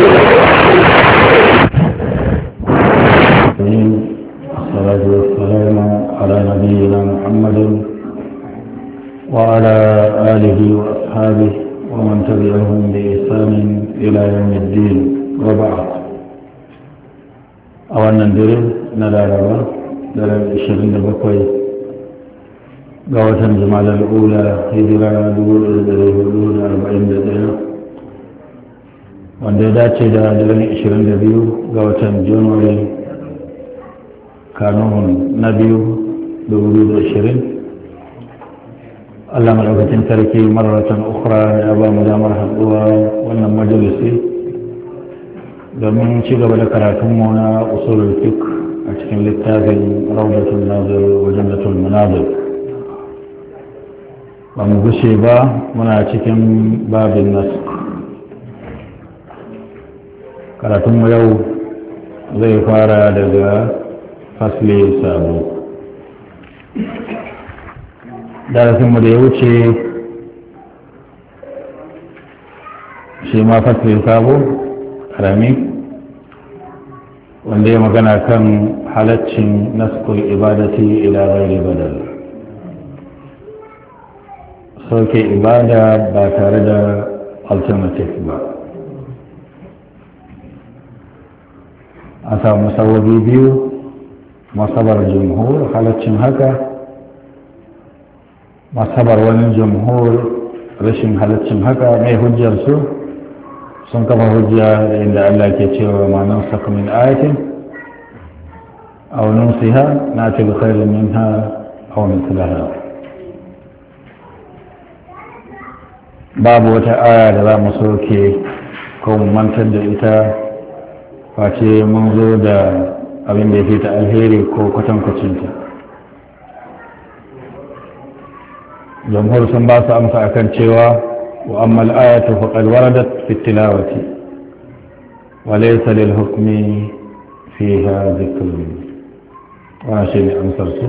والصلاة والسلام على نبينا محمد وعلى آله وأصحابه ومن تبعهم بإحسان إلى يوم الدين وبعد أولا ندري نلا ربا دار الشرين بكوي قوة جمال الأولى هجرة دور الأولى أربعين دقيقة wanda ya dace da dalilin 22 ga watan januwari kanun na biyu 2020 allah maɗaukacin sarki mararatan ukra ya ba mu damar haɗuwa wannan majalisi domin ci gaba da mu na usulul fiqh a cikin littafin raudatul wajen da jannatul munazir ba mu gushe ba muna cikin babin nasu karatunmu yau zai fara daga fasle sabo darasinmu da ya wuce shi ma fasle sabo karami wanda ya magana kan halaccin naskul ibadati ila ghairi badal sauke ibada ba tare da alternative ba an samu biyu masabar jumhur halaccin haka masabar wani jumhur rashin halaccin haka mai hujjarsu sun kafa hujja inda Allah ke cewa manan saka min a wani siha na ce ta bi khairin minha aw mithlaha babu wata aya da za mu soke ko mu mantar da ita face mun zo da abin da ya ta alheri ko kwatankwacinta jamhur sun ba su amsa akan cewa wa amma al'ayatu faqad waradat fi tilawati wa laysa lil hukmi fiha dhikrun wannan shine amsar su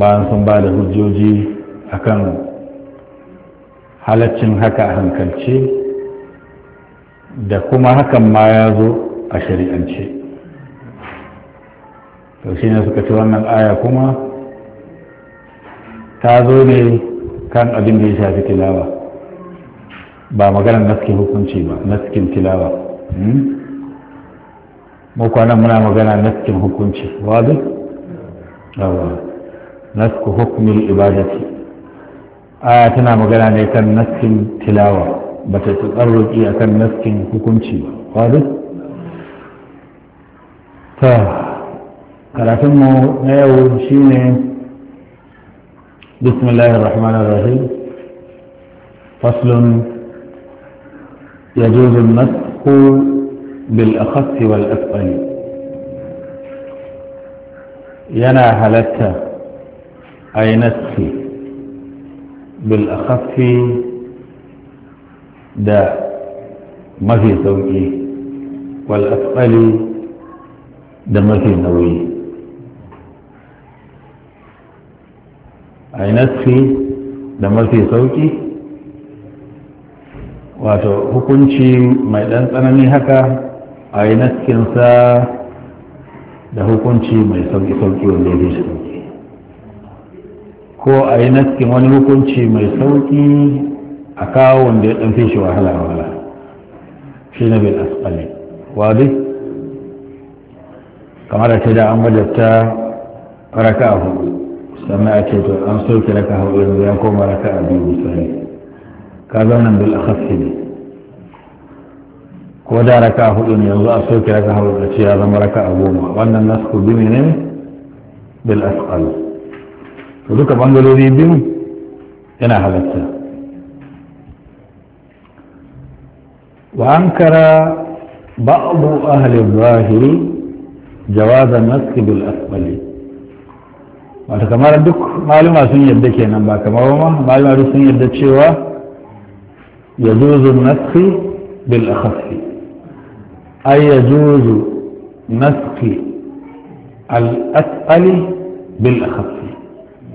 bayan sun ba da hujjoji akan halaccin haka a hankalce da kuma hakan ma ya zo a shari'ance to shi ne suka ce wannan aya kuma ta zo ne kan abin da ya shafi tilawa ba maganar naskin hukunci ba naskin tilawa hmm? mu kwanan muna magana naskin hukunci wadu? yawa nasku hukumin ibadati aya tana magana ne kan naskin tilawa bata ta tsarroki a naskin hukunci ba ƙwari ta karatunmu na yau shi ne bismillahir rahmanir rahim faslun يجوز المسح بالأخف والأثقل ينا هلتا أي نسخي بالأخف da mafi sauƙi wal asfali da mafi nauyi a nasfi da mafi sauƙi wato hukunci mai ɗan tsanani haka a yi naskinsa da hukunci mai sauƙi-sauƙi wanda ya sauƙi ko a yi naskin wani hukunci mai sauƙi a kawo wanda ya ɗan fi shi wahala wahala shi ne bil asqali wadi kamar da ta da an wajabta raka hudu sannan a ce to an soke raka hudu yanzu ya koma raka a biyu misali ka zauna bil akhassi ne ko da raka hudu ne yanzu a soke raka hudu a ce ya zama raka a goma wannan nasku bi ne bil asqal to duka bangalori biyu yana halatta وأنكر بعض أهل الظاهر جواز المسجد بالأسفل wata kamar duk maluma sun yadda kenan ba kamar ma maluma duk sun yadda cewa ya juzu naski bil akhasi ai ya juzu naski al asali bil akhasi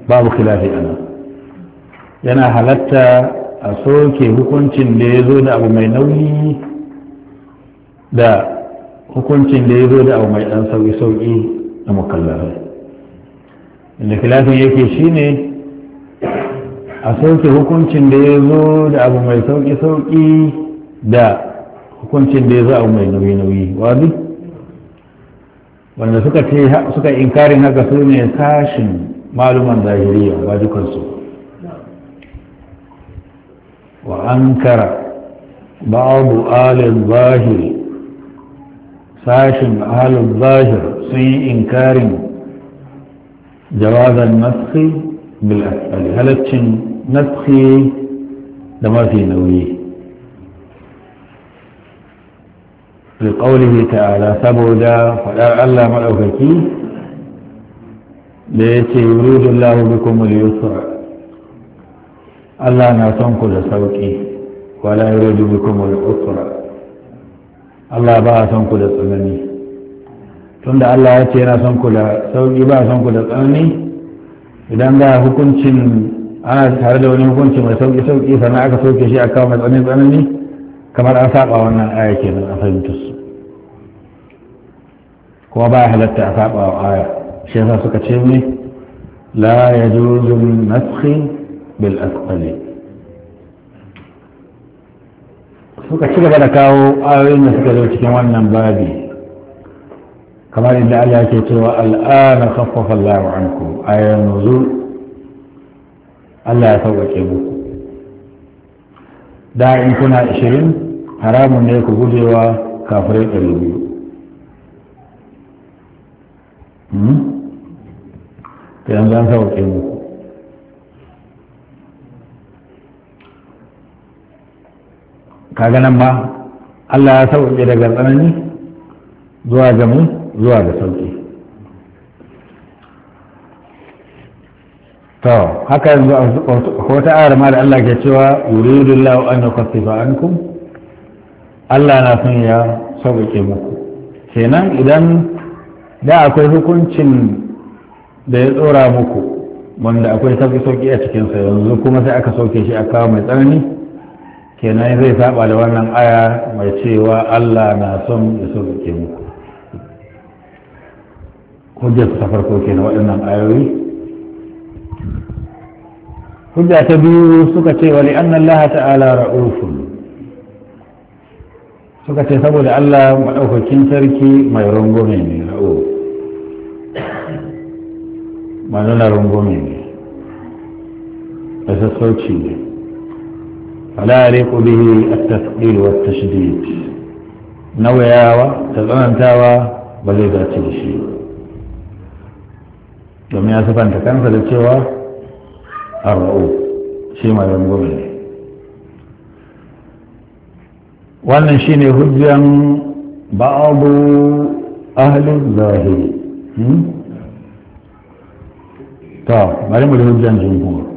babu khilafi ana yana halatta a soke hukuncin da ya zo da abu mai nauyi da hukuncin da ya zo da abu mai ɗan sauƙi-sauƙi na makallarai inda filafin yake ne a soke hukuncin da ya zo da abu mai sauƙi-sauƙi da hukuncin da ya zo abu mai nauyi-nauyi wani wanda suka inkarin haka su ne kashin maluman zahiriya ba dukansu وأنكر بعض آل الظاهر ساشن آل الظاهر في إنكار جواز النسخ بالأسفل هل تشن نسخي لما في نوي لقوله تعالى سبودا فلا ألا ملوككي ليتي يريد الله بكم اليسر Allah na son ku da sauƙi wala yuridu bikum al-usra Allah ba a son ku da tsanani tunda Allah ya ce yana son ku da sauƙi ba a son ku da tsanani idan ga hukuncin ana tare da wani hukunci mai sauƙi sauƙi sannan aka sauke shi a kawo mai tsanani tsanani kamar an saba wannan aya kenan a fahimtar su kuma ba halatta a saba wa aya shi yasa suka ce ne la ya yajuzu nasxi بالأثقل suka ci gaba da kawo ayoyin da suka zo cikin wannan babi kamar inda Allah yake cewa al'ana khaffafa Allahu ankum ayan nuzul Allah ya sauƙaƙe muku da in kuna 20 haramun ne ku gujewa kafirai 200 hmm? yanzu an muku kaga nan ma Allah ya sauƙi daga tsanani zuwa ga mu zuwa ga sauƙi to haka yanzu wata ayar ma da Allah ke cewa yuridullahu an yukaffifa ankum Allah na son ya sauƙaƙe muku kenan idan da akwai hukuncin da ya tsora muku wanda akwai sauƙi-sauƙi a cikinsa yanzu kuma sai aka sauke shi a kawo mai tsanani kenan zai saba da wannan aya mai cewa Allah na son ya ke muku hujjar ta farko na waɗannan ayoyi hujja ta biyu suka ce wali anna Allah ta'ala ra'ufun suka ce saboda Allah maɗaukakin sarki mai rungume ne ra'u mai nuna rungume ne da sassauci ne فلا يليق به التثقيل والتشديد نويا وتزعمتا بل اذا تمشي لم يصف ان تكنسل سوى الرؤوف شيما لم يقل وان شيني هجا بعض اهل الظاهر طيب مريم الهجا جمهور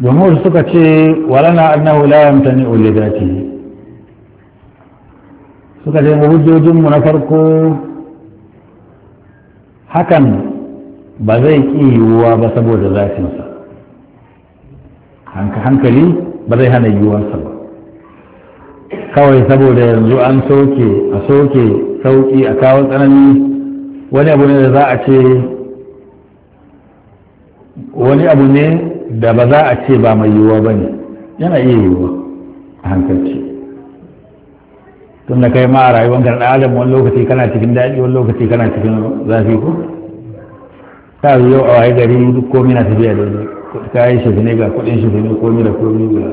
jumhur suka ce walana annahu la yamtani ulidati suka ce mu na farko hakan ba zai ki yiwuwa ba saboda zafinsa hankali ba zai hana yiwuwarsa ba kawai saboda yanzu an soke a soke sauki a kawo tsanani wani abu ne da za a ce wani abu ne da ba za a ce ba mai yiwuwa ba ne yana iya yiwuwa a hankalci tun da kai ma a rayuwar kan adam wani lokaci kana cikin daɗi wani lokaci kana cikin zafi ko ta yi yau a wayi gari duk komi na tafiya da ne ka yi shi ne ga kuɗin shi ne komi da komi ga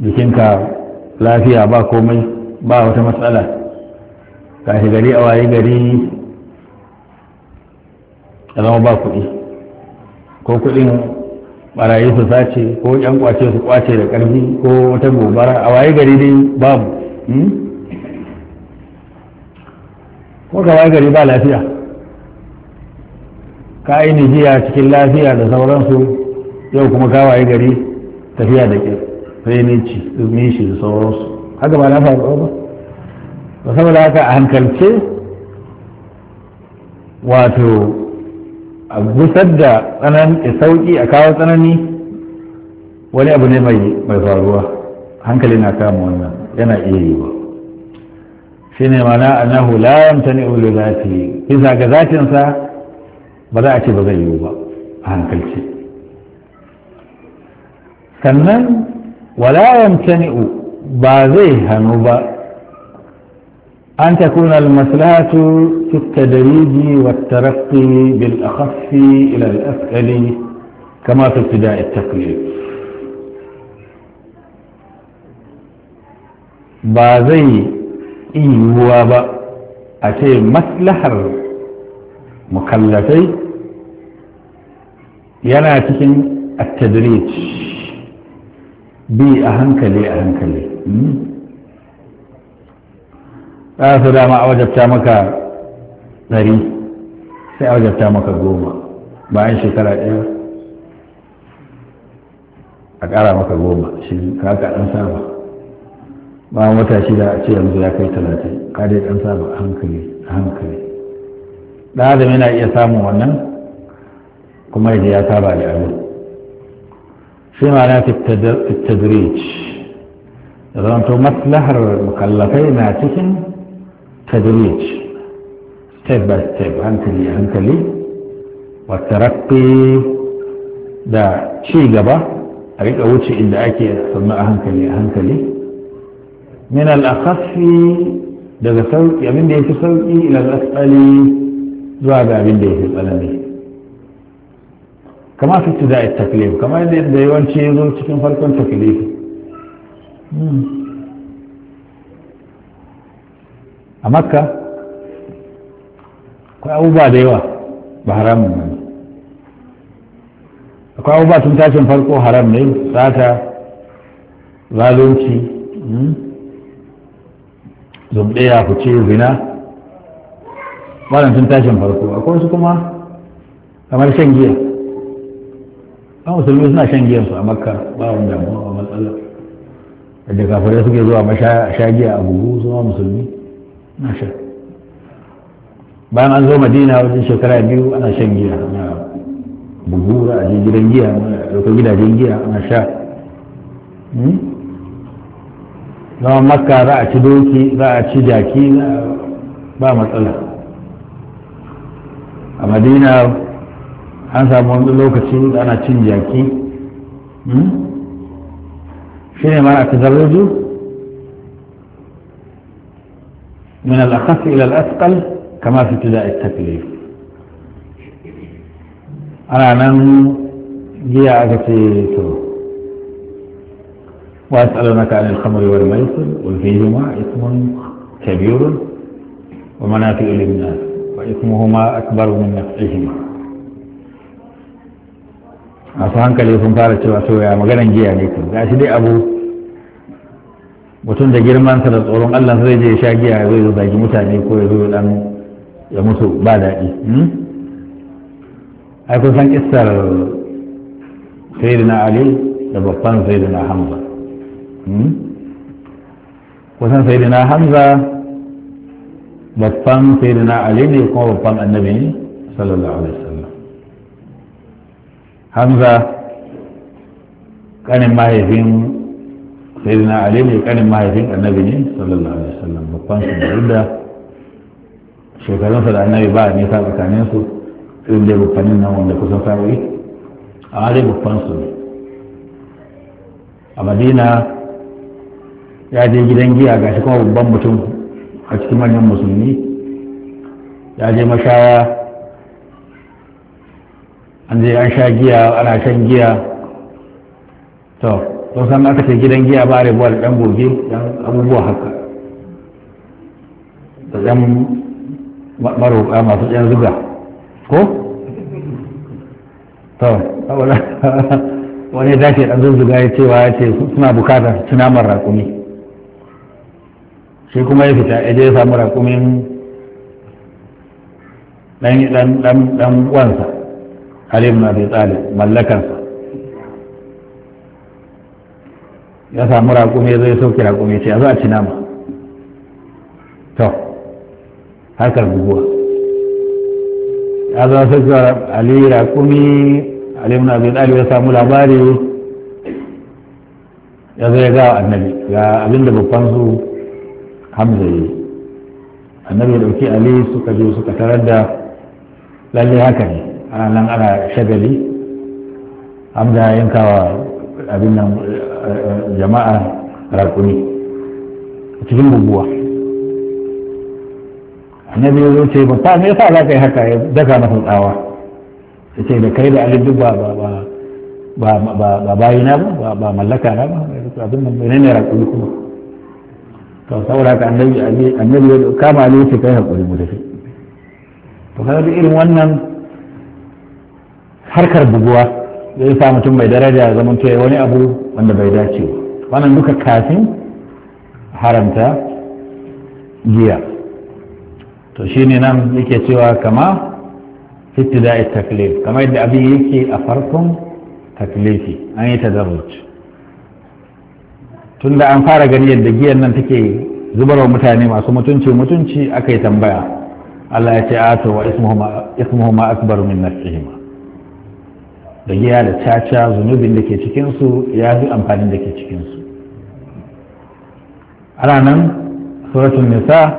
jikinka lafiya ba komai ba wata matsala ka shi gari a wayi gari zama ba kuɗi ko kuɗin barayi su sace ko yan kwace su kwace da ƙarfi ko wata gobara a waye gari dai babu hmm? ko ga waye gari ba lafiya ka yi jiya cikin lafiya da sauransu yau kuma ka waye gari tafiya da ke renici shi da sauransu haka ba na faru ba ba saboda haka a hankalce wato a gusar da tsanani sauki a kawo tsanani wani abu ne mai faruwa hankali na kama wannan yana iya ba shi ne mana annahu la ne ulu zati bisa ga zatinsa ba za a ce ba zai yiwu ba a hankalci sannan wala yamtani ba zai hannu ba أن تكون المسألة في التدريج والترقي بالأخف إلى الأثقل كما في ابتداء التقليد بازي إيوا با أتي مسلحة مكلفي ينا تكن التدريج بي أهنكلي أهنكلي za su dama a wajabta maka ɗari sai a wajabta maka goma bayan shekara ɗaya a ƙara maka goma shi ka haka ɗan saba bayan wata shida a ce yanzu ya kai talatin ka dai ɗan saba a hankali hankali ɗalibin yana iya samun wannan kuma yadda ya saba da abin sai ma na Da zanto maslahar mukallafai na cikin تدريج ستيب باي ستيب هنكلي هنكلي والترقي دا شي قبا أريد أوجه إلا أكي ثم هنكلي هنكلي من الأخف daga sauki abin da ya fi sauki ilal asali zuwa ga abin da ya fi tsanani kama fi tuda taklif kama yadda yawanci ya zo cikin farkon a makka akwai abubuwa da yawa ba haramun ba akwai abubuwa tun tashin farko haram ne sata zalunci hmm, zumɗe ya fice zina wannan tun tashin farko akwai wasu kuma kamar shan giya an musulmi suna shan giyarsu a makka ba wani damuwa a matsala da kafirai suke zuwa giya a buhu su musulmi bayan an zo madina wajen shekara biyu ana shan giya ana bugura a gidan giya lokacin gidajen giya ana sha hmm? zama makka za a ci doki za a ci jaki ba matsala a madina an samu wani lokaci da ana cin jaki hmm? shi ne mara ta zarraju من الأخف إلى الأثقل كما في ابتداء التكليف أنا نم جاء وأسألونك عن الخمر والميسر وفيهما إثم كبير ومنافع للناس وإثمهما أكبر من نفعهما أصلاً كليفهم فارت وأسويا مغانا جيا لكم قاسي دي أبو mutum da girmansa da tsoron Allah zai je sha giya ya zo zagi mutane ko ya zo dan ya mutu ba daɗi hmm? ai kun san kissar sayyidina Ali da babban sayyidina Hamza hmm? kusan sayyidina Hamza babban sayyidina Ali ne kuma babban annabi ne sallallahu alaihi wasallam Hamza kanin mahaifin sai ali ne kanin mahaifin annabi ne sallallahu alaihi wasallam babban su da rudda shekarunsa da annabi ba a nisa tsakanin su irin dai babbanin nan wanda kusan sa'o'i a dai babban su ne a madina ya je gidan giya ga shi kuma babban mutum a cikin manyan musulmi ya je mashaya an je an sha giya ana shan giya to don san aka ce gidan giya ba rabuwa da ɗan goge ɗan abubuwa haka da ɗan maroƙa masu ɗan zuga ko? to wani dace ɗan zuzzuga ya cewa ya ce suna bukatar tunamar raƙumi shi kuma ya fita ya je ya samu raƙumin ɗan ɗan ɗan wansa halim na bai tsali mallakansa ya samu raƙumi zai sauke raƙumi ce a zo a ci nama to harkar guguwa ya zo sauke ali raƙumi ali ibn abi ya samu labari ya zo ya ga annabi ga abinda babban su hamza yi annabi ya ɗauki ali suka je suka tarar da lalle haka ne ana nan ana shagali hamza yankawa abin nan jama'a rakuni cikin buguwa annabi ya zo ce ba ta me yasa za ka yi haka ya daga masa tsawa ya ce da kai da alin duk ba ba bayina ba ba mallaka na ba abin nan ne ne rakuni kuma to saboda ka annabi annabi ya kama ne ce kai hakuri mu tafi to kaga irin wannan harkar buguwa zai sa mutum mai daraja zaman wani abu wanda bai dace wannan duka kafin haramta giya to ne nan yake cewa kama fitida'i taklif kama yadda abin yake a farkon taklifi an yi tazarruc tun da an fara gani yadda giyan nan take zubarwa mutane masu mutunci mutunci aka yi tambaya Allah ya ce ato wa ismuhuma akbar min nafsihima bagiya da caca zunubin da ke cikinsu ya fi amfanin da ke cikinsu ana nan suratun nisa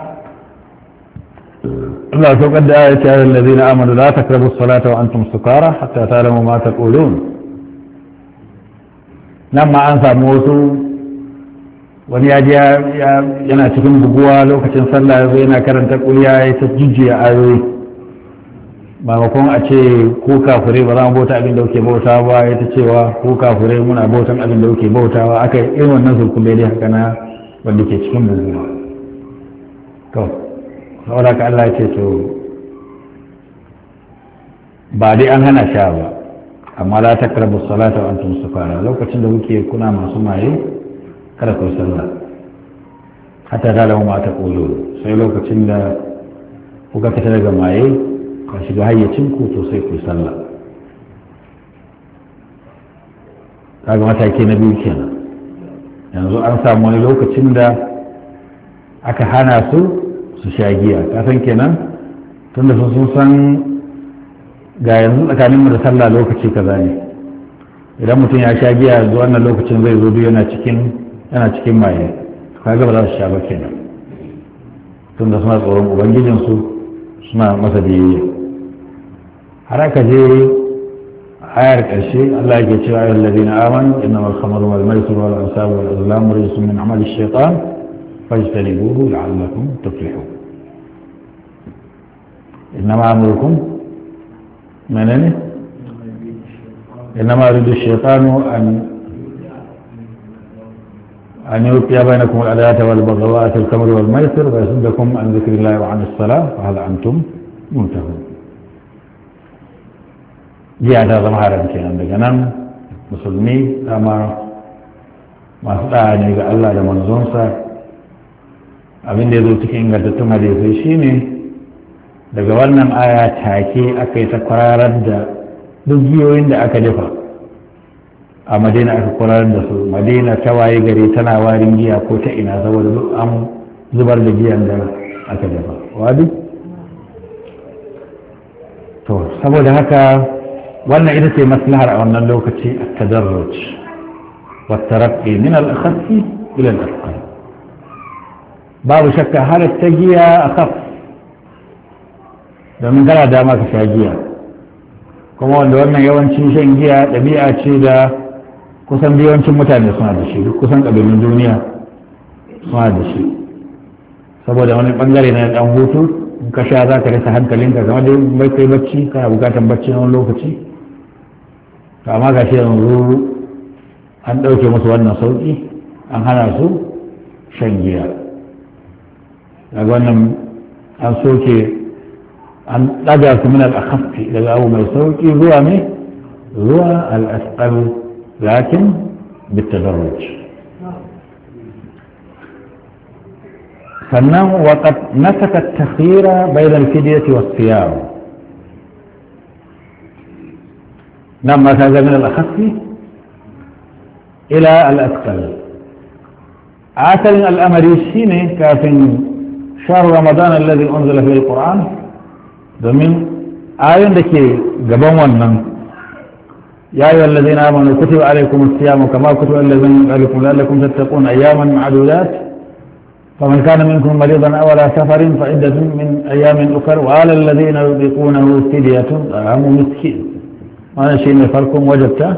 Allah ta kwadda ya ce yaron lazi na amadu za ta karbi salata wa antum sukara hatta ta lamu mata kolon nan ma an samu wasu wani ya yana cikin buguwa lokacin sallah ya zo yana karanta kuliya ya ta jijiya ayoyi maimakon a ce ku kafure ba za mu bauta abin da kuke bauta ba ya ta cewa ku kafure muna bautan abin da kuke bautawa aka yi irin wannan sulkun dai haka na wanda ke cikin buguma to saboda ka Allah ya ce to ba dai an hana sha ba amma la takrabu salata wa antum sukara lokacin da kuke kuna masu maye kada ku sallah hatta ta lamu ma ta sai lokacin da kuka fita daga maye ka shiga hayyacin ku to sai ku sallah kaga mataki na biyu kenan yanzu an samu wani lokacin da aka hana su su sha giya kasan kenan tunda su sun san ga yanzu tsakaninmu da sallah lokaci kaza ne idan mutum ya sha giya yanzu wannan lokacin zai zo biyu yana cikin yana cikin maye kaga ba za su sha ba kenan tunda suna tsoron ubangijinsu suna masa biyayya حركتي عارك الشيء الله يجعل أيها الذين آمنوا إنما الخمر والميسر والأنساب والأظلام رجس من عمل الشيطان فاجتنبوه لعلكم تفلحوا إنما عملكم من أنه إنما أريد الشيطان أن أن يوقيا بينكم الآيات والبغضاء في الخمر والميسر ويسدكم عن ذكر الله وعن الصلاة فهذا أنتم منتهون giya ta zama haram kenan daga nan musulmi dama masu ɗaya ne ga Allah da manzonsa abin da ya zo cikin ingantattun hadisai shine daga wannan aya take aka yi ta kwararar da duk giyoyin da aka dafa a madina aka kwararar da su madina ta waye gari tana warin giya ko ta ina saboda duk an zubar da giyan da aka dafa wadi to saboda haka wannan ita ce maslahar a wannan lokaci a tadarruj والترقي من الأخف إلى الأثقل babu shakka har ta giya a kaf domin kana dama ka sha giya kuma wanda wannan yawancin shan giya ɗabi'a ce da kusan yawancin mutane suna da shi duk kusan ƙabilun duniya suna da shi saboda wani ɓangare na ɗan hutu in ka sha za ka rasa hankalinka kamar dai bai kai bacci kana bukatar bacci na wani lokaci to amma ga shi yanzu an ɗauke musu wannan sauƙi an hana su shan giya daga wannan an soke an ɗaga su min al'akafi daga abu mai sauƙi zuwa ne zuwa al'asƙal lakin bitagarruci sannan waƙat nasaka takhira bayan alfidiyati wasu yaro لما تاج من الأخف إلى الأثقل من الأمريسيني كافن شهر رمضان الذي أنزل فيه القرآن ضمن آية لكي قبوا من يا أيها الذين آمنوا كتب عليكم الصيام كما كتب الذين من قبلكم لكم تتقون أياما معدودات فمن كان منكم مريضا أو على سفر فعدة من أيام أخر وعلى الذين يطيقونه فدية طعام مسكين wannan shi ne farkon wajabta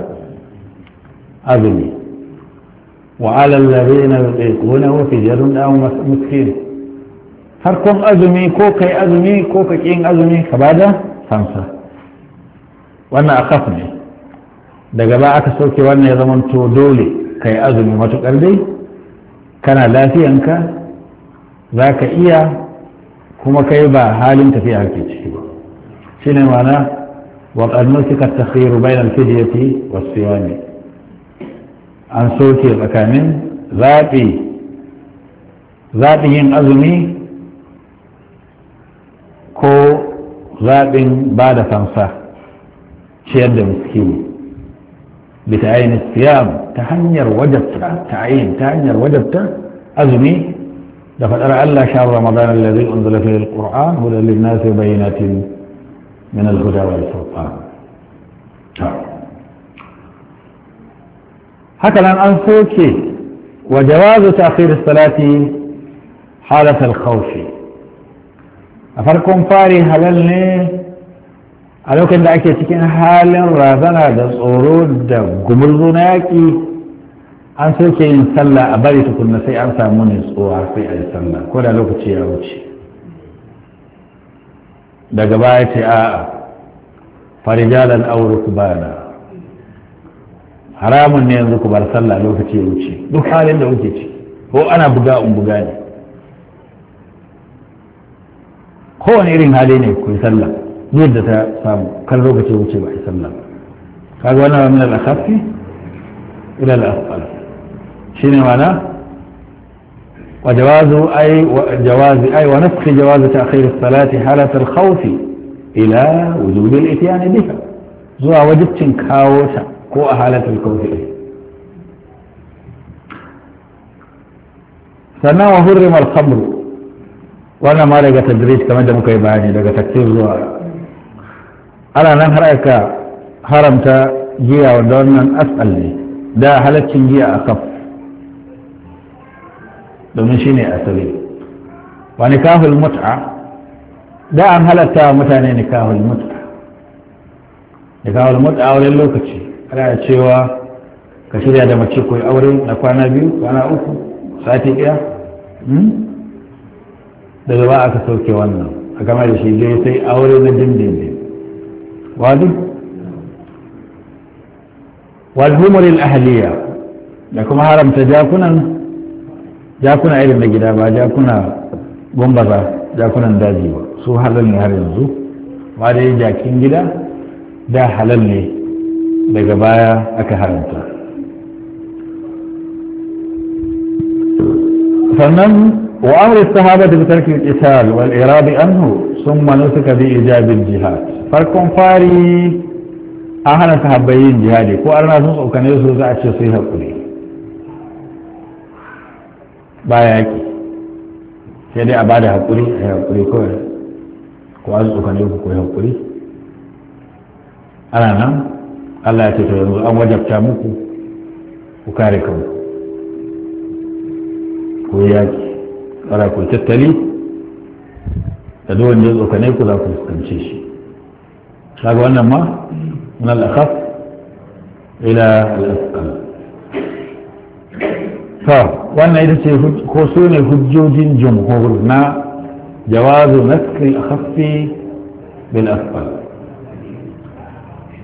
azumi wa alal ladina yuqina wa fi jarun da miskin farkon azumi ko kai azumi ko ka kin azumi ka bada fansa wannan akaf ne daga ba aka sauke wannan ya zama to dole kai azumi matukar dai kana lafiyanka za ka iya kuma kai ba halin tafiya ke ciki ba shi ne mana وقد نسك التخير بين الفدية والصيام an soke tsakanin zaɓi zaɓi yin azumi ko zaɓin ba da fansa ciyar da miskini bita ainihin siyam ta hanyar wajabta ta ainihin ta hanyar wajabta azumi da faɗar Allah sha Ramadan allazi unzila fil qur'an hudan lin nasi bayyinatin من الهدى والفرقان هكذا أن سوكي وجواز تأخير الصلاة حالة الخوف أفركم فاري هللني a lokacin da ake cikin halin razana da tsoro da gumurzu na yaƙi an soke yin sallah a bari tukunna sai an samu nutsuwa sai a yi sallah ko da lokaci ya wuce daga baya ce a farijalan aure ku bana haramun ne yanzu ku bar sallah lokaci ya wuce duk halin da kuke ci ko ana buga in buga ne kowane irin hali ne ku yi sallah yadda ta samu kan lokaci ya wuce ba yi sallah kaga wannan min al-akhaffi ila asfal shi shine mana وجواز أي جواز أي ونسخ جواز تأخير الصلاة حالة الخوف إلى وجود الإتيان بها زوا وجدت تنكاوشا كو أهالة الكوف سنا وحرم الخمر وانا ما لقى تدريس كما جمع كيباني لقى تكتير زوا على نهرك هرمت جيا ودورنا أسأل لي دا هلت جيا أخف domin shi ne asali wa nikahul mut'a da an halatta wa mutane nikahul mut'a nikahul mut'a wurin lokaci ana cewa ka shirya da mace koyi aure na kwana biyu kwana uku sati ɗaya hmm? daga ba aka sauke wannan a gama da shi dai sai aure na dindindin wadu wal humuril ahliya da kuma haramta jakunan jakuna irin da gida ba jakuna gwambara jakunan daji ba su halal ne har yanzu ma dai jakin gida da halal ne daga baya aka haramta sannan wa amurin sahaba da tarkin isal wal iradi anhu sun manu suka bi ijabin jihad farkon fari an hana sahabbai yin jihadi ko arna sun tsokane su za a ce sai haƙuri baya yaki sai dai a bada hakuri a hakuri kawai ko an tsokane ku ko hakuri ana nan Allah ya ce to yanzu an wajabta muku ku kare kan ku yaki tsara ku tattali da duk wanda ya ne ku za ku fuskance shi kaga wannan ma من الأخف إلى الأثقل وأن إذا تكون هجود جمهورنا جواز نسك الأخفي بالأسفل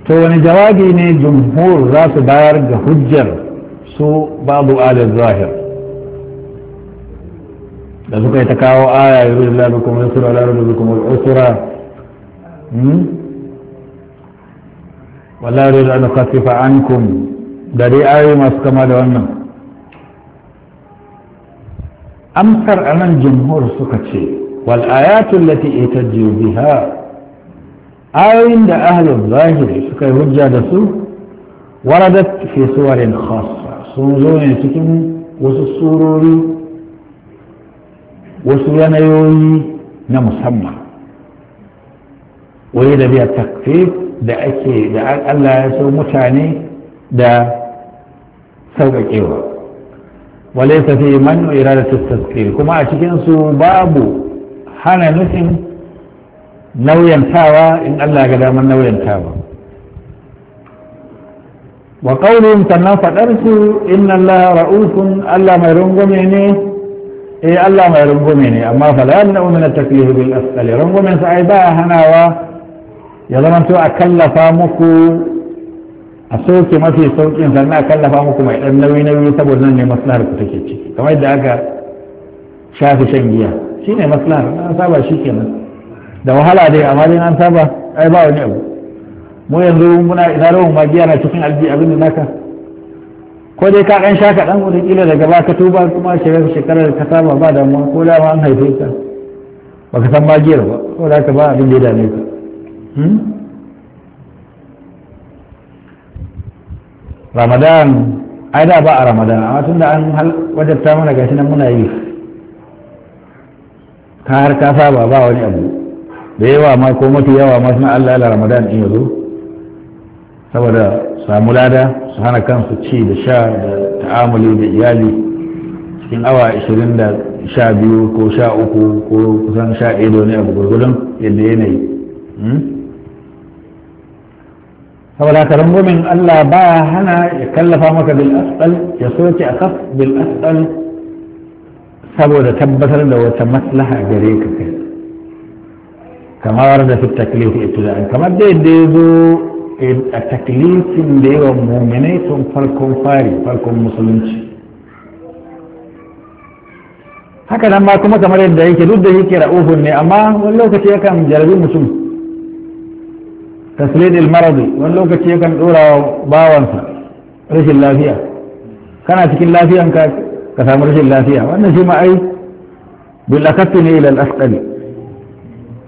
فوان جوابي ني جمهور ذات دار حجر سو بعض آل الظاهر لذلك يتكاو آية يريد الله بكم اليسر ولا يريد بكم العسر ولا يريد أن أخفف عنكم دري آية ما سكما لونه amsar a nan jumhur suka ce wal'ayatun ayatul lati itajju biha ayoyin da ahalin zahiri suka yi hujja da su waradat fi suwarin khassa sun zo ne cikin wasu surori wasu yanayoyi na musamman wani da biya takfif da ake da Allah ya so mutane da sauƙaƙewa wale ta fi man irada tasqir kuma a cikin su babu hana nufin nauyantawa in Allah ga daman nauyantawa wa qawlun sannan fadar su inna Allah ra'ufun Allah mai rungume ne eh Allah mai rungume ne amma fa la yanau min at-taklif bil asfal rungumen sai ba hanawa ya zama to a kallafa muku a soke mafi saukin sannan a kallafa muku mai ɗan nauyi-nauyi saboda nan ne maslahar ku take ci kamar yadda aka shafi shan giya shi ne maslahar an saba shi kenan da wahala dai amma dai an saba ai ba wani abu mu yanzu muna ina rawan ma giya na cikin alji abin da naka ko dai ka ɗan sha kaɗan wani kila daga ba ka tuba kuma shekarar ka saba ba damuwa ko dama an haife ka baka san magiyar ba ko da ka ba abin da ya dame ka hmm? ramadan ai da ba a ramadan amma tun da an wajabta mana gashi nan muna yi ka har ka saba ba wani abu da yawa ma ko mafi yawa ma suna allah ala ramadan in yazo saboda samu lada su hana kansu ci da sha da ta'amuli da iyali cikin awa 22 biyu ko sha uku ko kusan sha ne da abu yadda yanayi hmm? saboda ka rangumin Allah ba hana ya kallafa maka bil asal ya soke a kaf bil asal saboda tabbatar da wata maslaha gare ka kai kamar da fi taklif ibtida'an kamar da yadda ya zo a taklifin da yawan muminai sun farkon fari farkon musulunci haka nan ma kuma kamar yadda yake duk da yake ra'ufun ne amma wani lokaci yakan jarabi mutum تسليد المرض واللوكة يكن أولى باوانسا رشي الله فيها كان أسكن الله فيها كثام رشي الله فيها وأن شما أي بلقتني إلى الأسقل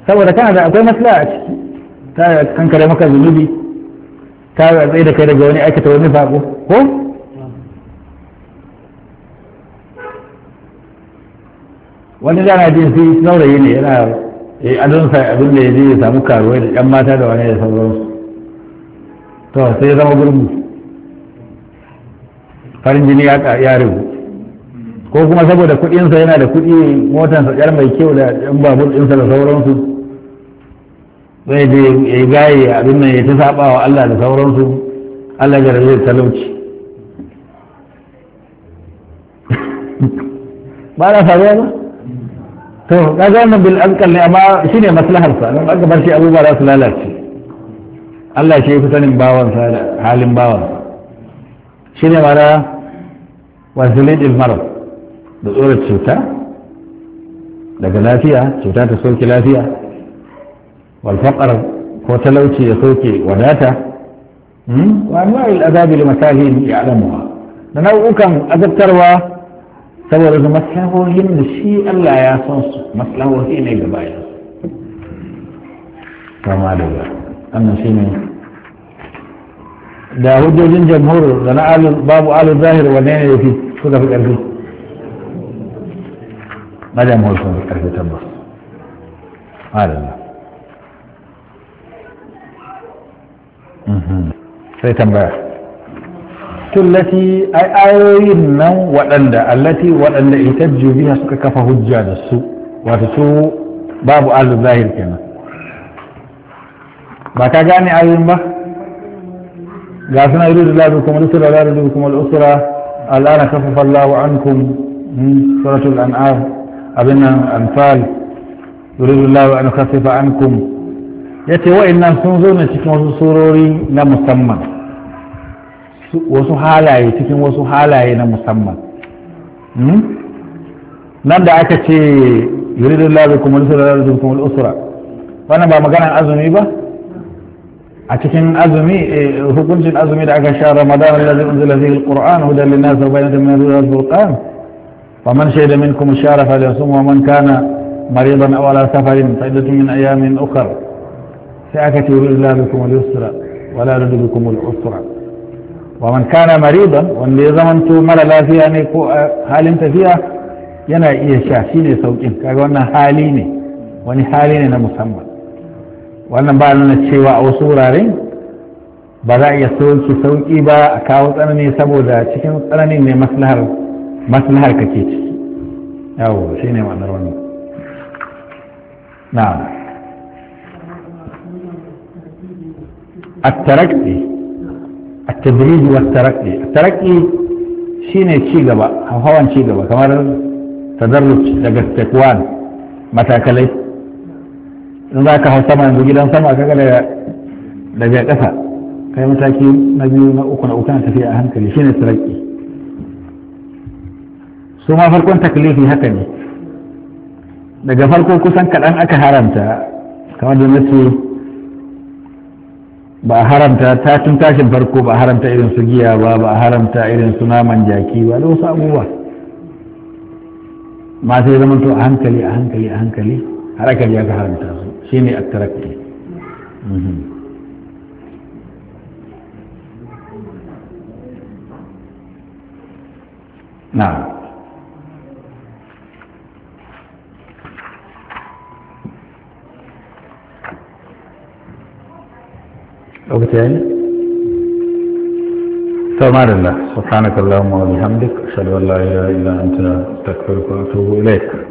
سورة كان هذا أكوي مسلاك كان كلمك ذنوبي كان إذا كان جواني أي كتوني فاقو هو ولذا أنا جنسي سورة يلي أنا e adon sa abin da ya je ya samu karuwa da yan mata da wani da sauransu to sai ya zama gurbi farin jini ya ya rabu ko kuma saboda kuɗinsa yana da kuɗi sa yar mai kyau da yan babur ɗinsa da sauransu zai je ya gaye abin nan ya ta saba wa Allah da sauransu Allah ya rage talauci ba na faruwa ba to kaga bil azkar amma shine maslahar sa aka bar shi abubuwa su lalace Allah shi yafi sanin bawan sa halin bawan shine mara il da tsoron cuta daga lafiya cuta ta soke lafiya wal ko talauci ya soke wadata hmm? wa anwa'il azabi li ya'lamuha da nau'ukan azabtarwa saboda su maslahohin da shi Allah ya san su maslahohi ne ga bayan kama da ba annan shi ne da hujjojin jamhur da na babu alu zahir wanne ne yafi suka fi ƙarfi na jamhur sun fi ƙarfi tabbas adalla sai tambaya tullati ai ayoyin nan waɗanda allati waɗanda ita biya suka kafa hujja da su wato su babu alu zahir kenan ba ka gane ayoyin ba ga suna yi da lalu kuma lusura lalu kuma al'usura al'ana kafafa Allahu ankum suratul an'am abin nan anfal يريد الله أن يخفف عنكم يتي وإن سنزون تكون سروري لا مسمى wasu halaye cikin wasu halaye na musamman nan da aka ce yuridun labi kuma lusurar kuma usura wannan ba maganan azumi ba a cikin azumi hukuncin azumi da aka sha ramadan alladhi unzila fihi alquran hudan linnas wa bayyinatan min al-huda wal furqan faman shahida minkum ash-shahra falyasum wa man kana maridan aw ala safarin fa iddatun min ayamin ukhra sai aka ce yuridun labi kuma lusura wala yuridun kuma al-usra wa man kana maridan wanda ya zamanto mara lafiya ne ko a halin tafiya yana iya sha shi ne saukin kaga wannan hali ne wani hali ne na musamman wannan ba nuna cewa a wasu wuraren ba za a iya sauki sauki ba a kawo tsanani saboda cikin tsananin ne maslahar ka kake ciki yawo shi ne ma'anar wani. na'am التدريج والترقي الترقي شيني تشيغبا هوان تشيغبا كما تدرج لغا تكوان متى كلي ذاك هو سما ينزو جدا سما كذا لغا كفا كي متاكي نبيو نأوكو نأوكو نتفيا أهم كلي شيني الترقي سوما فرقون تكليفي هكذا daga farko كسان kaɗan aka haramta kamar da nace ba a haramta ta tun tashin farko ba a haramta irin su giya ba ba haramta irin su naman jaki ba da wasu abubuwa ma sai zama to a hankali a hankali a hankali har aka ya ka haramta su ne a tarakki mhm. na'am وبالتالي سبحان الله سبحانك اللهم وبحمدك أشهد أن لا إله إلا أنت أستغفرك وأتوب إليك